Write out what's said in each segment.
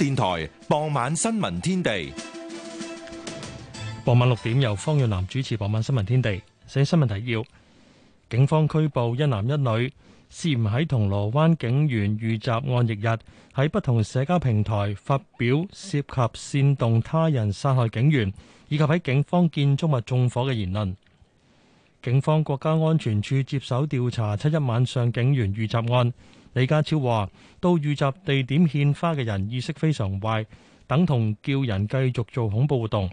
電台傍晚新聞天地，傍晚六點由方遠南主持。傍晚新聞天地，先新聞提要：警方拘捕一男一女，涉嫌喺銅鑼灣警員遇襲案翌日喺不同社交平台發表涉及煽動他人殺害警員以及喺警方建築物縱火嘅言論。警方國家安全處接手調查七一晚上警員遇襲案。李家超話：到遇襲地點獻花嘅人意識非常壞，等同叫人繼續做恐怖活動。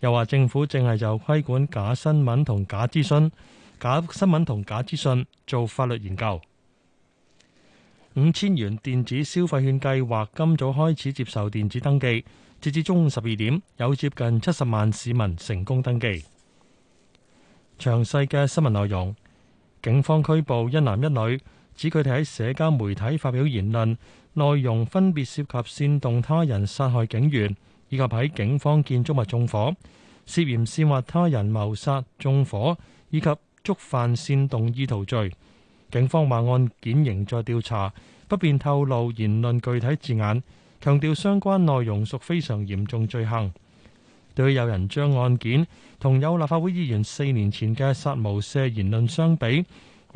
又話政府淨係就規管假新聞同假資訊、假新聞同假資訊做法律研究。五千元電子消費券計劃今早開始接受電子登記，截至中午十二點，有接近七十萬市民成功登記。詳細嘅新聞內容，警方拘捕一男一女。指佢哋喺社交媒體發表言論，內容分別涉及煽動他人殺害警員，以及喺警方建築物縱火，涉嫌煽惑他人謀殺、縱火以及觸犯煽動意圖罪。警方話案件仍在調查，不便透露言論具體字眼，強調相關內容屬非常嚴重罪行。對於有人將案件同有立法會議員四年前嘅殺無赦言論相比。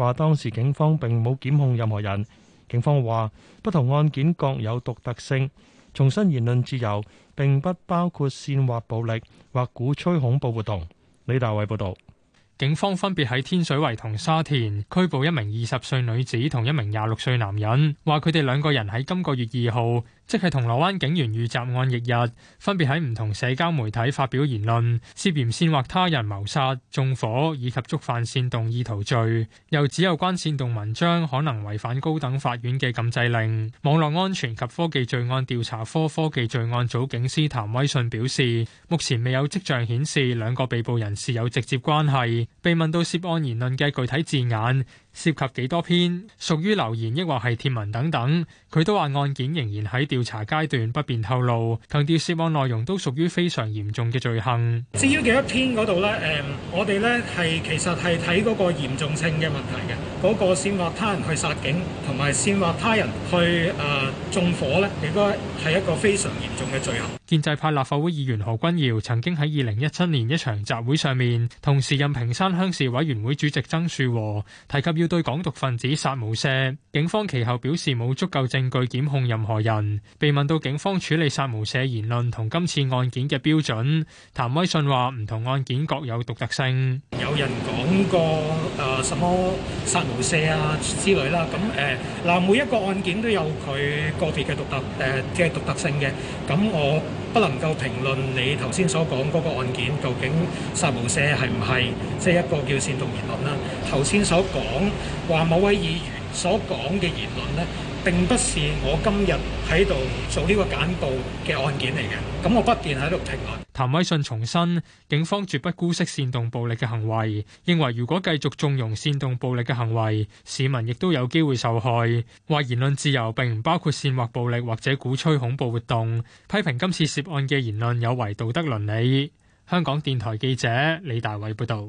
話當時警方並冇檢控任何人。警方話不同案件各有獨特性，重申言論自由並不包括煽惑暴力或鼓吹恐怖活動。李大偉報道，警方分別喺天水圍同沙田拘捕一名二十歲女子同一名廿六歲男人，話佢哋兩個人喺今個月二號。即係銅鑼灣警員遇襲案翌日，分別喺唔同社交媒體發表言論，涉嫌煽惑他人謀殺、縱火以及觸犯煽動意圖罪。又指有關煽動文章可能違反高等法院嘅禁制令。網絡安全及科技罪案調查科科技罪案組警司譚威信表示，目前未有跡象顯示兩個被捕人士有直接關係。被問到涉案言論嘅具體字眼，涉及幾多篇屬於留言，抑或係貼文等等，佢都話案件仍然喺調查階段，不便透露。強調涉案內容都屬於非常嚴重嘅罪行。至於幾多篇嗰度咧？誒、呃、我哋咧係其實，係睇嗰個嚴重性嘅問題嘅。嗰、嗰個煽惑他人去殺警，同埋煽惑他人去誒縱、呃、火咧，亦該係一個非常嚴重嘅罪行。建制派立法會議員何君堯曾經喺二零一七年一場集會上面，同時任屏山鄉事委員會主席曾樹和提及要。對港獨分子，殺無赦，警方其後表示冇足夠證據檢控任何人。被問到警方處理殺無赦言論同今次案件嘅標準，譚威信話唔同案件各有獨特性。有人講過誒，什麼殺無赦啊之類啦，咁誒嗱，每一個案件都有佢個別嘅獨特誒，嘅獨特性嘅，咁我。不能夠評論你頭先所講嗰個案件，究竟殺無赦係唔係即係一個叫煽動言論啦。頭先所講話，某位議員所講嘅言論呢，並不是我今日喺度做呢個簡報嘅案件嚟嘅。咁我不便喺度評論。譚威信重申，警方絕不姑息煽動暴力嘅行為，認為如果繼續縱容煽動暴力嘅行為，市民亦都有機會受害。話言論自由並唔包括煽惑暴力或者鼓吹恐怖活動，批評今次涉案嘅言論有違道德倫理。香港電台記者李大偉報道。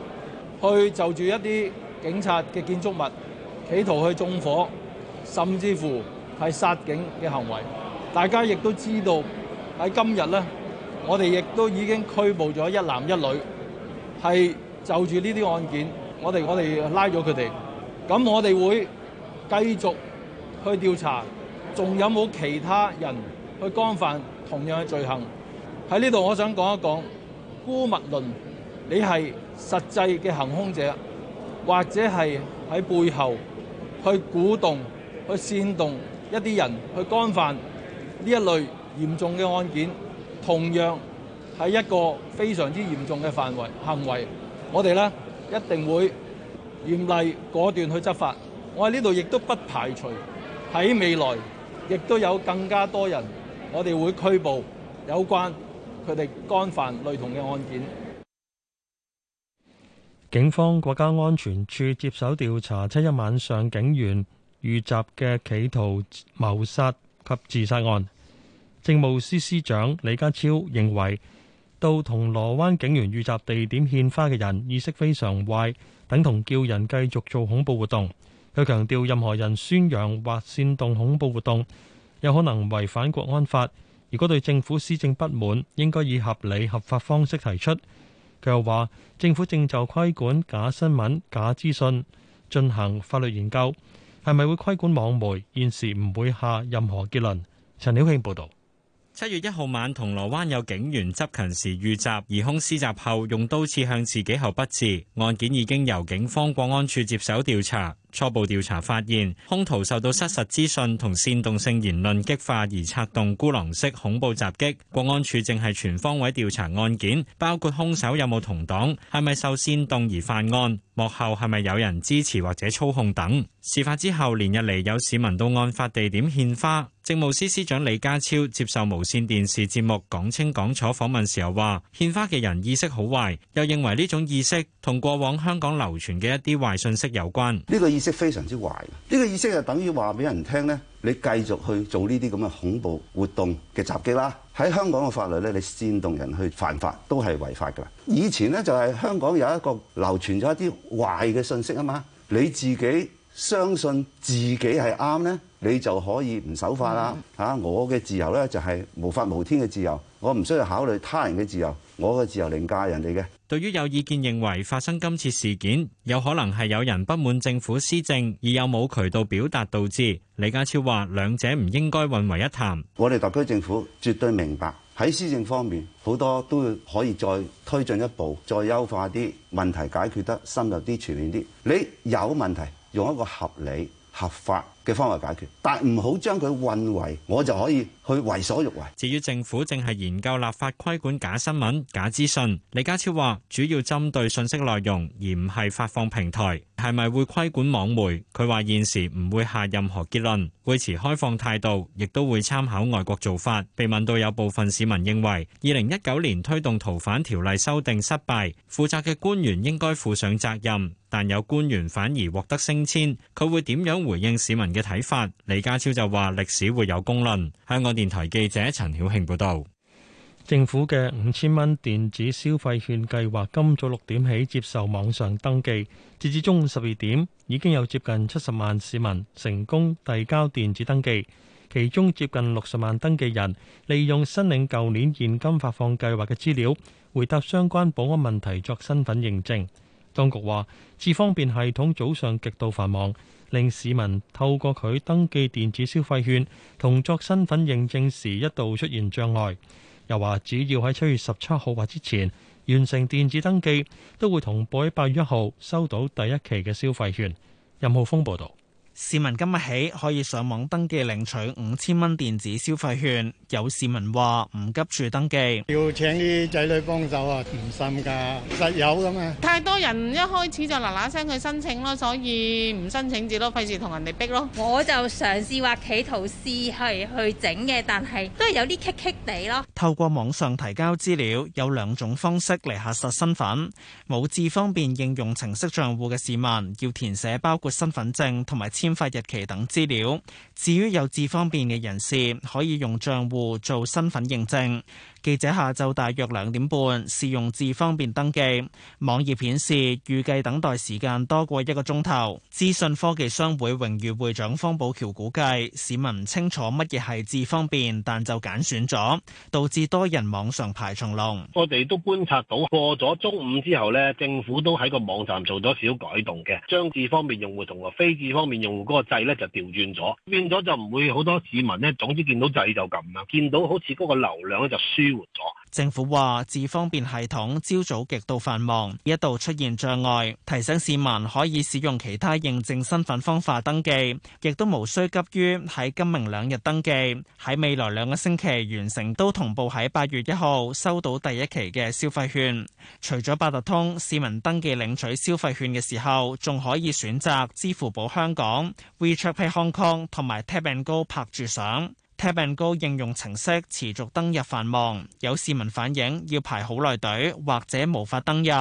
去就住一啲警察嘅建築物，企圖去縱火，甚至乎係殺警嘅行為。大家亦都知道喺今日咧，我哋亦都已經拘捕咗一男一女，係就住呢啲案件，我哋我哋拉咗佢哋。咁我哋會繼續去調查，仲有冇其他人去幹犯同樣嘅罪行。喺呢度我想講一講，姑勿論你係實際嘅行兇者，或者係喺背後去鼓動、去煽動一啲人去干犯呢一類嚴重嘅案件，同樣係一個非常之嚴重嘅範圍行為，我哋呢，一定會嚴厲、果斷去執法。我喺呢度亦都不排除喺未來亦都有更加多人，我哋會拘捕有關佢哋干犯類同嘅案件。警方國家安全處接手調查七一晚上警員遇襲嘅企圖謀殺及自殺案。政務司司長李家超認為，到銅鑼灣警員遇襲地點獻花嘅人意識非常壞，等同叫人繼續做恐怖活動。佢強調，任何人宣揚或煽動恐怖活動，有可能違反國安法。如果對政府施政不滿，應該以合理合法方式提出。佢又話：政府正就規管假新聞、假資訊進行法律研究，係咪會規管網媒？現時唔會下任何結論。陳曉慶報導。七月一號晚，銅鑼灣有警員執勤時遇襲，疑兇施襲後用刀刺向自己後不治，案件已經由警方、國安處接手調查。初步調查發現，兇徒受到失實資訊同煽動性言論激化而策動孤狼式恐怖襲擊。國安處正係全方位調查案件，包括兇手有冇同黨，係咪受煽動而犯案，幕後係咪有人支持或者操控等。事發之後，連日嚟有市民到案發地點獻花。政務司司長李家超接受無線電視節目《講清講楚》訪問時候話：獻花嘅人意識好壞，又認為呢種意識同過往香港流傳嘅一啲壞信息有關。意識非常之壞。呢、這個意識就等於話俾人聽咧，你繼續去做呢啲咁嘅恐怖活動嘅襲擊啦。喺香港嘅法律咧，你煽動人去犯法都係違法噶。以前呢，就係香港有一個流傳咗一啲壞嘅信息啊嘛，你自己。相信自己係啱呢，你就可以唔守法啦嚇。的我嘅自由呢，就係無法無天嘅自由，我唔需要考慮他人嘅自由，我嘅自由凌駕人哋嘅。對於有意見認為發生今次事件有可能係有人不滿政府施政而有冇渠道表達導致，李家超話兩者唔應該混為一談。我哋特區政府絕對明白喺施政方面好多都可以再推進一步，再優化啲問題，解決得深入啲、全面啲。你有問題。用一個合理合法。嘅方法解決，但唔好將佢混為，我就可以去為所欲為。至於政府正係研究立法規管假新聞、假資訊，李家超話主要針對信息內容，而唔係發放平台，係咪會規管網媒？佢話現時唔會下任何結論，會持開放態度，亦都會參考外國做法。被問到有部分市民認為2019年推動逃犯條例修訂失敗，負責嘅官員應該負上責任，但有官員反而獲得升遷，佢會點樣回應市民嘅睇法，李家超就話歷史會有公論。香港電台記者陳曉慶報道，政府嘅五千蚊電子消費券計劃今早六點起接受網上登記，截至中午十二點，已經有接近七十萬市民成功遞交電子登記，其中接近六十萬登記人利用申領舊年現金發放計劃嘅資料，回答相關保安問題作身份認證。當局話，智方便系統早上極度繁忙。令市民透過佢登記電子消費券同作身份認證時一度出現障礙，又話只要喺七月十七號或之前完成電子登記，都會同步喺八月一號收到第一期嘅消費券。任浩峰報導。市民今日起可以上網登記領取五千蚊電子消費券。有市民話唔急住登記，要請啲仔女幫手啊，甜心噶，實有咁啊。太多人一開始就嗱嗱聲去申請咯，所以唔申請住多費事同人哋逼咯。我就嘗試話企圖試係去，去整嘅，但係都係有啲棘棘地咯。透過網上提交資料，有兩種方式嚟核實身份。冇智方便應用程式賬戶嘅市民，要填寫包括身份證同埋。簽發日期等資料。至於有至方便嘅人士，可以用帳戶做身份認證。記者下晝大約兩點半試用字方便登記，網頁顯示預計等待時間多過一個鐘頭。資訊科技商會榮譽會長方寶橋估計市民唔清楚乜嘢係字方便，但就揀選咗，導致多人網上排長龍。我哋都觀察到過咗中午之後呢，政府都喺個網站做咗少改動嘅，將字方便用戶同個非字方便用戶嗰個掣呢，就調轉咗，變咗就唔會好多市民呢，總之見到掣就撳啦，見到好似嗰個流量就輸。政府話，智方便系統朝早極度繁忙，一度出現障礙，提醒市民可以使用其他認證身份方法登記，亦都無需急於喺今明兩日登記，喺未來兩個星期完成都同步喺八月一號收到第一期嘅消費券。除咗八達通，市民登記領取消費券嘅時候，仲可以選擇支付寶香港、WeChat Pay Hong Kong 同埋 Tap & Go 拍住賞。Tap & Go 應用程式持續登入繁忙，有市民反映要排好耐隊或者無法登入。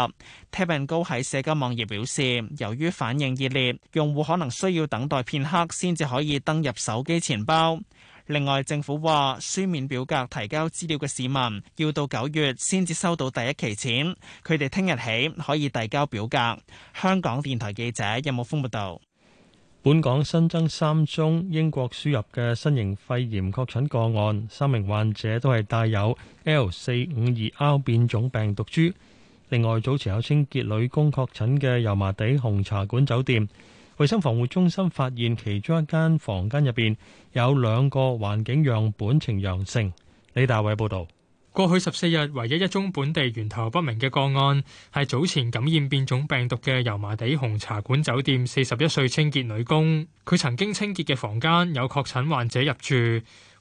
Tap & Go 喺社交網頁表示，由於反應熱烈，用戶可能需要等待片刻先至可以登入手機錢包。另外，政府話書面表格提交資料嘅市民要到九月先至收到第一期錢，佢哋聽日起可以遞交表格。香港電台記者任武峯報道。本港新增三宗英國輸入嘅新型肺炎確診個案，三名患者都係帶有 L 四五二 R 變種病毒株。另外，早前有清潔女工確診嘅油麻地紅茶館酒店，衛生防護中心發現其中一間房間入邊有兩個環境樣本呈陽性。李大偉報導。過去十四日唯一一宗本地源頭不明嘅個案，係早前感染變種病毒嘅油麻地紅茶館酒店四十一歲清潔女工，佢曾經清潔嘅房間有確診患者入住。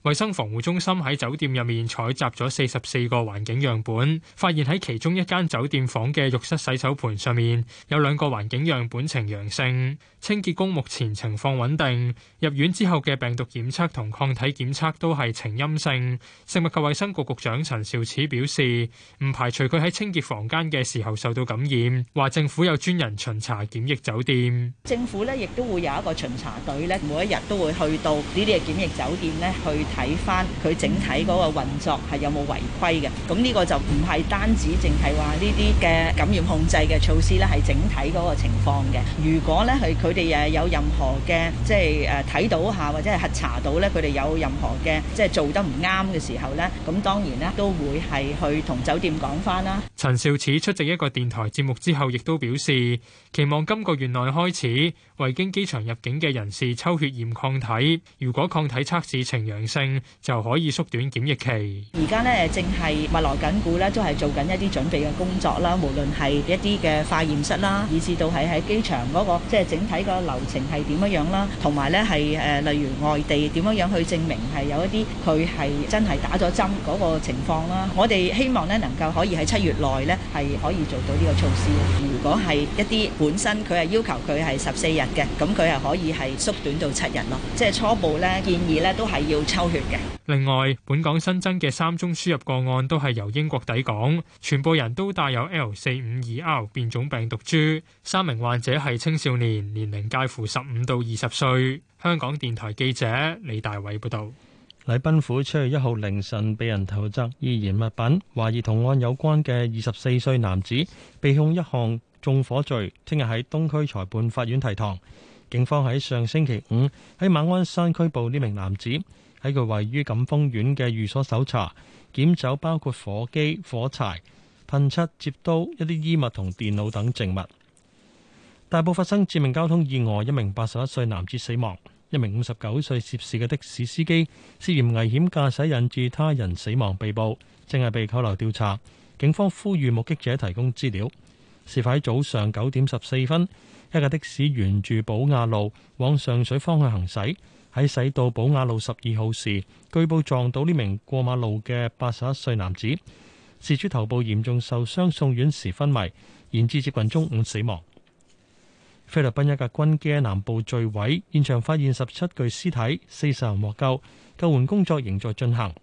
衛生防護中心喺酒店入面採集咗四十四個環境樣本，發現喺其中一間酒店房嘅浴室洗手盆上面有兩個環境樣本呈陽性。清潔工目前情況穩定，入院之後嘅病毒檢測同抗體檢測都係呈陰性。食物及衛生局局長陳肇始表示，唔排除佢喺清潔房間嘅時候受到感染，話政府有專人巡查檢疫酒店。政府呢亦都會有一個巡查隊呢，每一日都會去到呢啲嘅檢疫酒店呢去。睇翻佢整體嗰個運作係有冇違規嘅，咁、這、呢個就唔係單止淨係話呢啲嘅感染控制嘅措施咧，係整體嗰個情況嘅。如果咧係佢哋誒有任何嘅即係誒睇到下或者係核查到咧，佢哋有任何嘅即係做得唔啱嘅時候咧，咁當然咧都會係去同酒店講翻啦。陳肇始出席一個電台節目之後，亦都表示期望今個月內開始為經機場入境嘅人士抽血驗抗體，如果抗體測試呈陽性。就可以縮短檢疫期。而家咧正係物流緊固咧，都係做緊一啲準備嘅工作啦。無論係一啲嘅化驗室啦，以至到係喺機場嗰個，即係整體個流程係點樣樣啦，同埋咧係誒例如外地點樣樣去證明係有一啲佢係真係打咗針嗰個情況啦。我哋希望咧能夠可以喺七月內咧係可以做到呢個措施。如果係一啲本身佢係要求佢係十四日嘅，咁佢係可以係縮短到七日咯。即係初步咧建議咧都係要抽。另外，本港新增嘅三宗輸入個案都係由英國抵港，全部人都帶有 L 四五二 R 變種病毒株。三名患者係青少年，年齡介乎十五到二十歲。香港電台記者李大偉報道，禮賓府七月一號凌晨被人投擲易燃物品，懷疑同案有關嘅二十四歲男子被控一項縱火罪，聽日喺東區裁判法院提堂。警方喺上星期五喺馬鞍山拘捕呢名男子。喺佢位於錦豐苑嘅寓所搜查，檢走包括火機、火柴、噴漆、接刀一啲衣物同電腦等證物。大埔發生致命交通意外，一名八十一歲男子死亡，一名五十九歲涉事嘅的、的士司機涉嫌危險駕駛，引致他人死亡被捕，正係被扣留調查。警方呼籲目擊者提供資料。事發喺早上九點十四分，一架的士沿住寶雅路往上水方向行駛。喺駛到寶雅路十二號時，據報撞到呢名過馬路嘅八十一歲男子，事主頭部嚴重受傷，送院時昏迷，然至接近中午死亡。菲律賓一架軍機南部墜毀，現場發現十七具屍體，四十人獲救，救援工作仍在進行。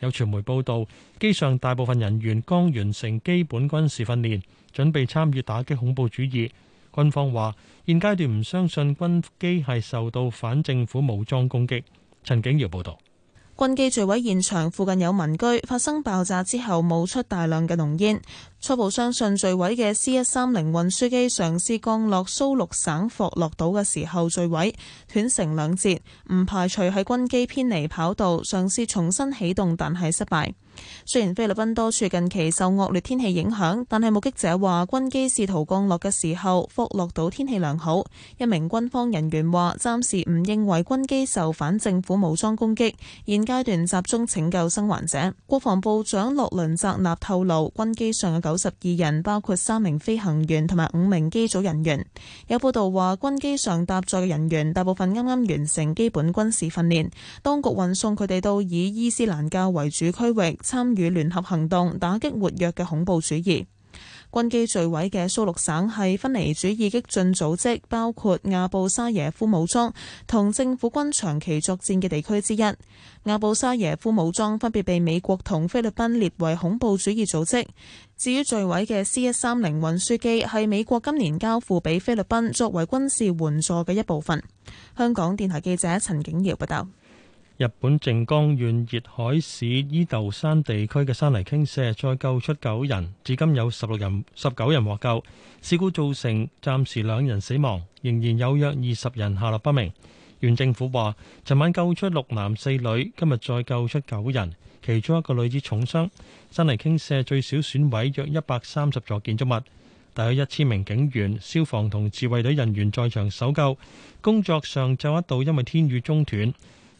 有傳媒報道，機上大部分人員剛完成基本軍事訓練，準備參與打擊恐怖主義。軍方話：現階段唔相信軍機係受到反政府武裝攻擊。陳景耀報道，軍機墜毀現場附近有民居，發生爆炸之後冒出大量嘅濃煙。初步相信墜毀嘅 C 一三零運輸機嘗試降落蘇祿省霍洛島嘅時候墜毀，斷成兩截。唔排除喺軍機偏離跑道，嘗試重新起動但係失敗。雖然菲律賓多處近期受惡劣天氣影響，但係目擊者話軍機試圖降落嘅時候，霍洛島天氣良好。一名軍方人員話：暫時唔認為軍機受反政府武裝攻擊。現階段集中拯救生還者。國防部長洛倫扎納透露，軍機上嘅九九十二人，包括三名飛行員同埋五名機組人員。有報道話，軍機上搭載嘅人員大部分啱啱完成基本軍事訓練，當局運送佢哋到以伊斯蘭教為主區域參與聯合行動，打擊活躍嘅恐怖主義。軍機墜毀嘅蘇禄省係分離主義激進組織，包括亞布沙耶夫武裝同政府軍長期作戰嘅地區之一。亞布沙耶夫武裝分別被美國同菲律賓列為恐怖主義組織。至於墜毀嘅 C 一三零運輸機，係美國今年交付俾菲律賓作為軍事援助嘅一部分。香港電台記者陳景瑤報道。日本靜岡縣熱海市伊豆山地區嘅山泥傾瀉，再救出九人，至今有十六人，十九人獲救。事故造成暫時兩人死亡，仍然有約二十人下落不明。縣政府話，尋晚救出六男四女，今日再救出九人，其中一個女子重傷。山泥傾瀉最少損毀約一百三十座建築物，大約一千名警員、消防同自衛隊人員在場搜救。工作上就一度因為天雨中斷。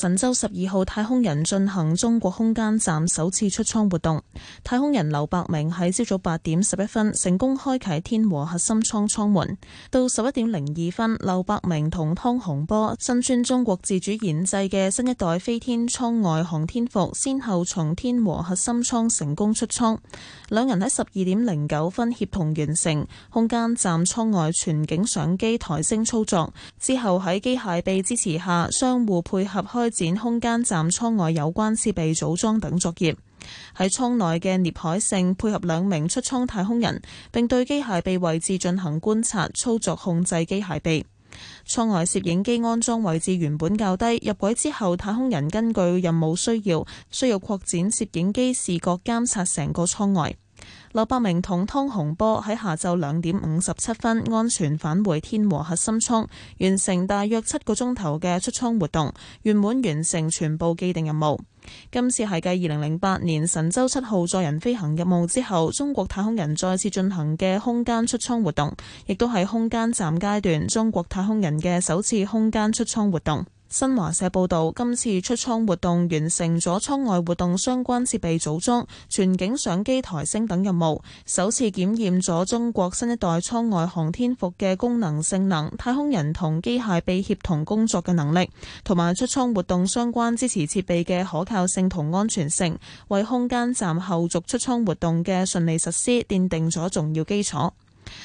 神舟十二號太空人進行中國空間站首次出艙活動，太空人劉伯明喺朝早八點十一分成功開啟天和核心艙艙門，到十一點零二分，劉伯明同湯洪波身穿中國自主研製嘅新一代飛天艙外航天服，先後從天和核心艙成功出艙，兩人喺十二點零九分協同完成空間站艙外全景相機抬升操作，之後喺機械臂支持下相互配合開展空間站艙外有關設備組裝等作業，喺艙內嘅聶海勝配合兩名出艙太空人，並對機械臂位置進行觀察、操作控制機械臂。艙外攝影機安裝位置原本較低，入軌之後，太空人根據任務需要，需要擴展攝影機視覺監察成個艙外。劉伯明同湯洪波喺下晝兩點五十七分安全返回天和核心艙，完成大約七個鐘頭嘅出艙活動，圓滿完成全部既定任務。今次係繼二零零八年神舟七號載人飛行任務之後，中國太空人再次進行嘅空間出艙活動，亦都係空間站階段中國太空人嘅首次空間出艙活動。新華社報道，今次出艙活動完成咗艙外活動相關設備組裝、全景相機抬升等任務，首次檢驗咗中國新一代艙外航天服嘅功能性能、太空人同機械臂協同工作嘅能力，同埋出艙活動相關支持設備嘅可靠性同安全性，為空間站後續出艙活動嘅順利實施奠定咗重要基礎。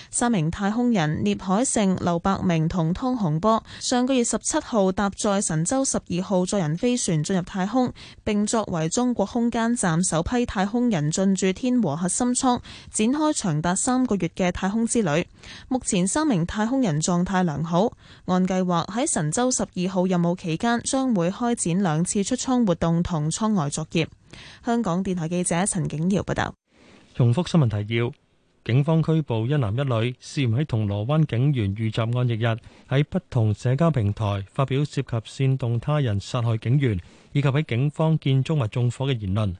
三名太空人聶海勝、劉伯明同湯洪波上個月十七號搭載神舟十二號載人飛船進入太空，並作為中國空間站首批太空人進駐天和核心艙，展開長達三個月嘅太空之旅。目前三名太空人狀態良好。按計劃喺神舟十二號任務期間，將會開展兩次出艙活動同艙外作業。香港電台記者陳景瑤報道。重複新聞提要。警方拘捕一男一女，涉嫌喺銅鑼灣警員遇襲案翌日喺不同社交平台發表涉及煽動他人殺害警員，以及喺警方建築物縱火嘅言論。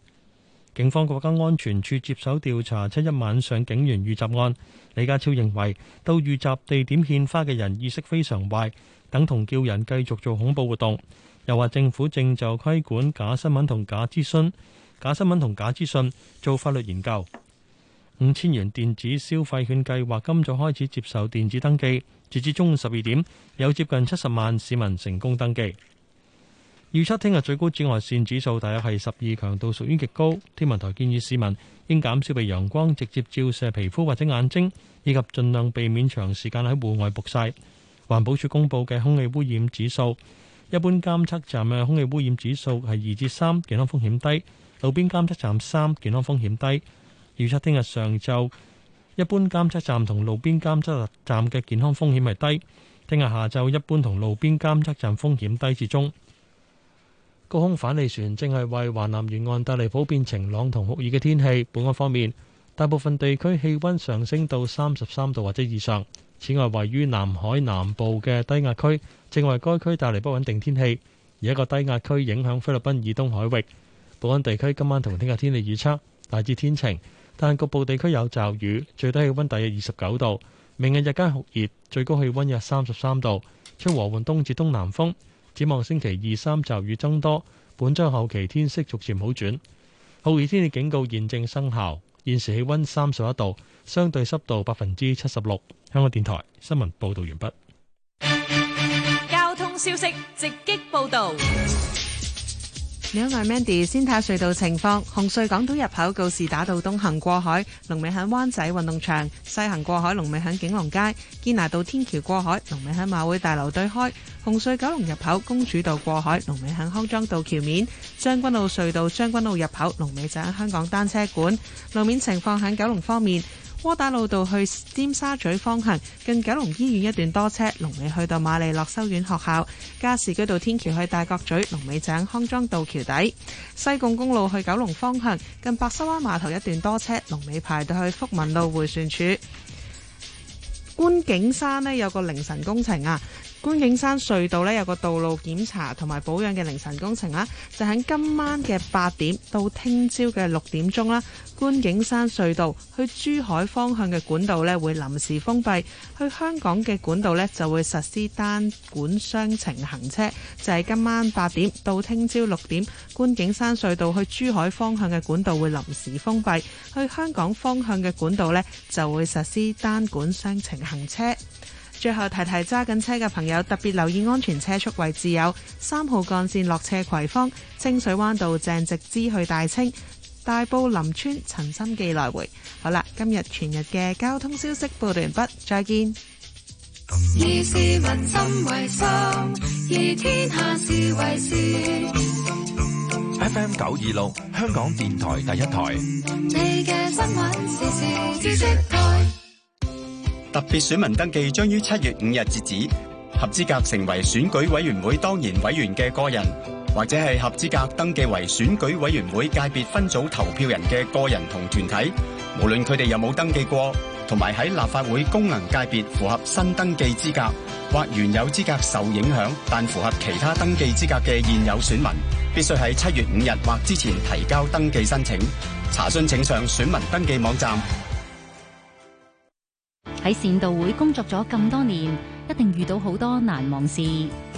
警方國家安全處接手調查七一晚上警員遇襲案。李家超認為到遇襲地點獻花嘅人意識非常壞，等同叫人繼續做恐怖活動。又話政府正就規管假新聞同假資訊、假新聞同假資訊做法律研究。五千元電子消費券計劃今早開始接受電子登記，截至中午十二點，有接近七十萬市民成功登記。預測聽日最高紫外線指數大約係十二，強度屬於極高。天文台建議市民應減少被陽光直接照射皮膚或者眼睛，以及盡量避免長時間喺戶外曝曬。環保署公佈嘅空氣污染指數，一般監測站嘅空氣污染指數係二至三，健康風險低；路邊監測站三，健康風險低。預測聽日上晝一般監測站同路邊監測站嘅健康風險係低，聽日下晝一般同路邊監測站風險低至中。高空反氣旋正係為華南沿岸帶嚟普遍晴朗同酷熱嘅天氣，本港方面，大部分地區氣溫上升到三十三度或者以上。此外，位於南海南部嘅低壓區正為該區帶嚟不穩定天氣，而一個低壓區影響菲律賓以東海域。本港地區今晚同聽日天氣預測大致天晴，但局部地區有驟雨，最低氣溫大約二十九度。明日日間酷熱，最高氣溫約三十三度，吹和緩東至東南風。展望星期二三驟雨增多，本周後期天色逐漸好轉。酷熱天氣警告現正生效，現時氣溫三十一度，相對濕度百分之七十六。香港電台新聞報道完畢。交通消息直擊報道。你好，我係 Mandy。先睇下隧道情況，紅隧港島入口告士打道東行過海，龍尾喺灣仔運動場；西行過海，龍尾喺景隆街。堅拿道天橋過海，龍尾喺馬會大樓對開。紅隧九龍入口公主道過海，龍尾喺康莊道橋面。將軍澳隧道將軍澳入口，龍尾就喺香港單車館。路面情況喺九龍方面。窩打老道去尖沙咀方向，近九龍醫院一段多車；龍尾去到瑪利諾修院學校。加士居道天橋去大角咀，龍尾井康莊道橋底。西貢公路去九龍方向，近白沙灣碼頭一段多車，龍尾排到去福民路回旋處。觀景山呢，有個凌晨工程啊。觀景山隧道呢，有個道路檢查同埋保養嘅凌晨工程啦，就喺今晚嘅八點到聽朝嘅六點鐘啦。觀景山隧道去珠海方向嘅管道呢會臨時封閉，去香港嘅管道呢就會實施單管雙程行車。就係、是、今晚八點到聽朝六點，觀景山隧道去珠海方向嘅管道會臨時封閉，去香港方向嘅管道呢就會實施單管雙程行車。最後提提揸緊車嘅朋友，特別留意安全車速位置，有三號幹線落斜葵芳、清水灣道正直枝去大清大埔林村陳心記來回。好啦，今日全日嘅交通消息報道完畢，再見。以市民心為心，以天下事為事。F M 九二六香港電台第一台。特別選民登記將於七月五日截止，合資格成為選舉委員會當然委員嘅個人，或者係合資格登記為選舉委員會界別分組投票人嘅個人同團體，無論佢哋有冇登記過，同埋喺立法會功能界別符合新登記資格，或原有資格受影響但符合其他登記資格嘅現有選民，必須喺七月五日或之前提交登記申請，查詢請上選民登記網站。喺善道會工作咗咁多年，一定遇到好多難忘事。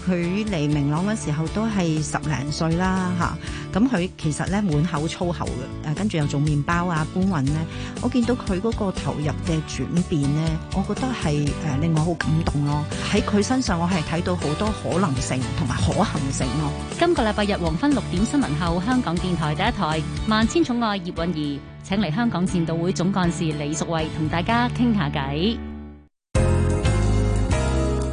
佢嚟明朗嘅時候都係十零歲啦，吓、啊。咁佢其實咧，滿口粗口嘅，誒、啊，跟住又做麵包啊、搬運咧。我見到佢嗰個投入嘅轉變咧，我覺得係誒、啊、令我好感動咯、啊。喺佢身上，我係睇到好多可能性同埋可行性咯、啊。今個禮拜日黃昏六點新聞後，香港電台第一台《萬千寵愛葉蘊儀》。請嚟香港善導會總幹事李淑慧同大家傾下偈。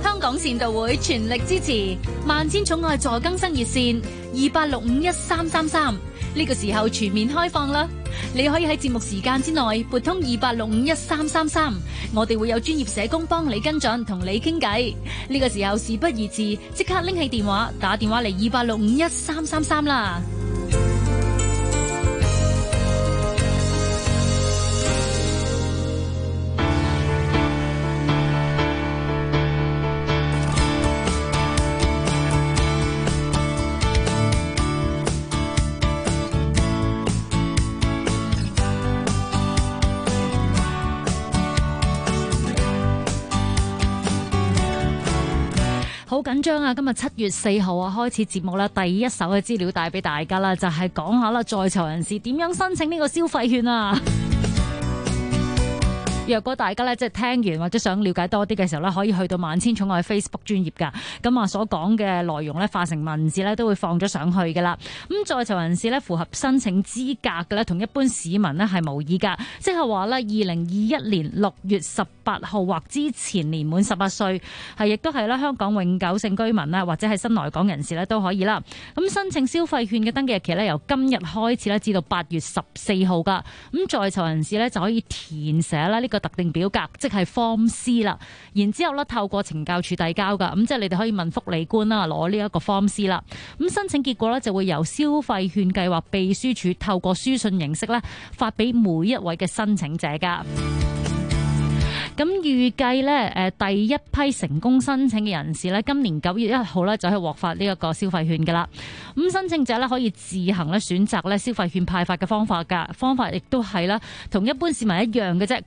香港善導會全力支持萬千寵愛助更生熱線二八六五一三三三，呢個時候全面開放啦！你可以喺節目時間之內撥通二八六五一三三三，我哋會有專業社工幫你跟進，同你傾偈。呢個時候事不宜遲，即刻拎起電話打電話嚟二八六五一三三三啦！將啊，今日七月四號啊開始節目啦，第一手嘅資料帶俾大家啦，就係講下啦，在場人士點樣申請呢個消費券啊！若果大家咧即係聽完或者想了解多啲嘅時候呢，可以去到萬千寵愛 Facebook 專頁噶，咁啊所講嘅內容呢，化成文字呢都會放咗上去噶啦。咁在囚人士呢，符合申請資格嘅呢，同一般市民呢，係冇異噶，即係話呢，二零二一年六月十八號或之前年滿十八歲，係亦都係啦香港永久性居民啦，或者係新來港人士呢都可以啦。咁申請消費券嘅登記日期呢，由今日開始呢，至到八月十四號噶。咁在囚人士呢，就可以填寫啦呢個特定表格，即係 form C 啦，然之後咧透過懲教處遞交噶，咁即係你哋可以問福利官啦，攞呢一個 form C 啦。咁申請結果呢，就會由消費券計劃秘書處透過書信形式咧發俾每一位嘅申請者噶。咁預計呢，誒第一批成功申請嘅人士呢，今年九月一號呢，就可以獲發呢一個消費券噶啦。咁申請者呢，可以自行咧選擇咧消費券派發嘅方法噶，方法亦都係啦，同一般市民一樣嘅啫。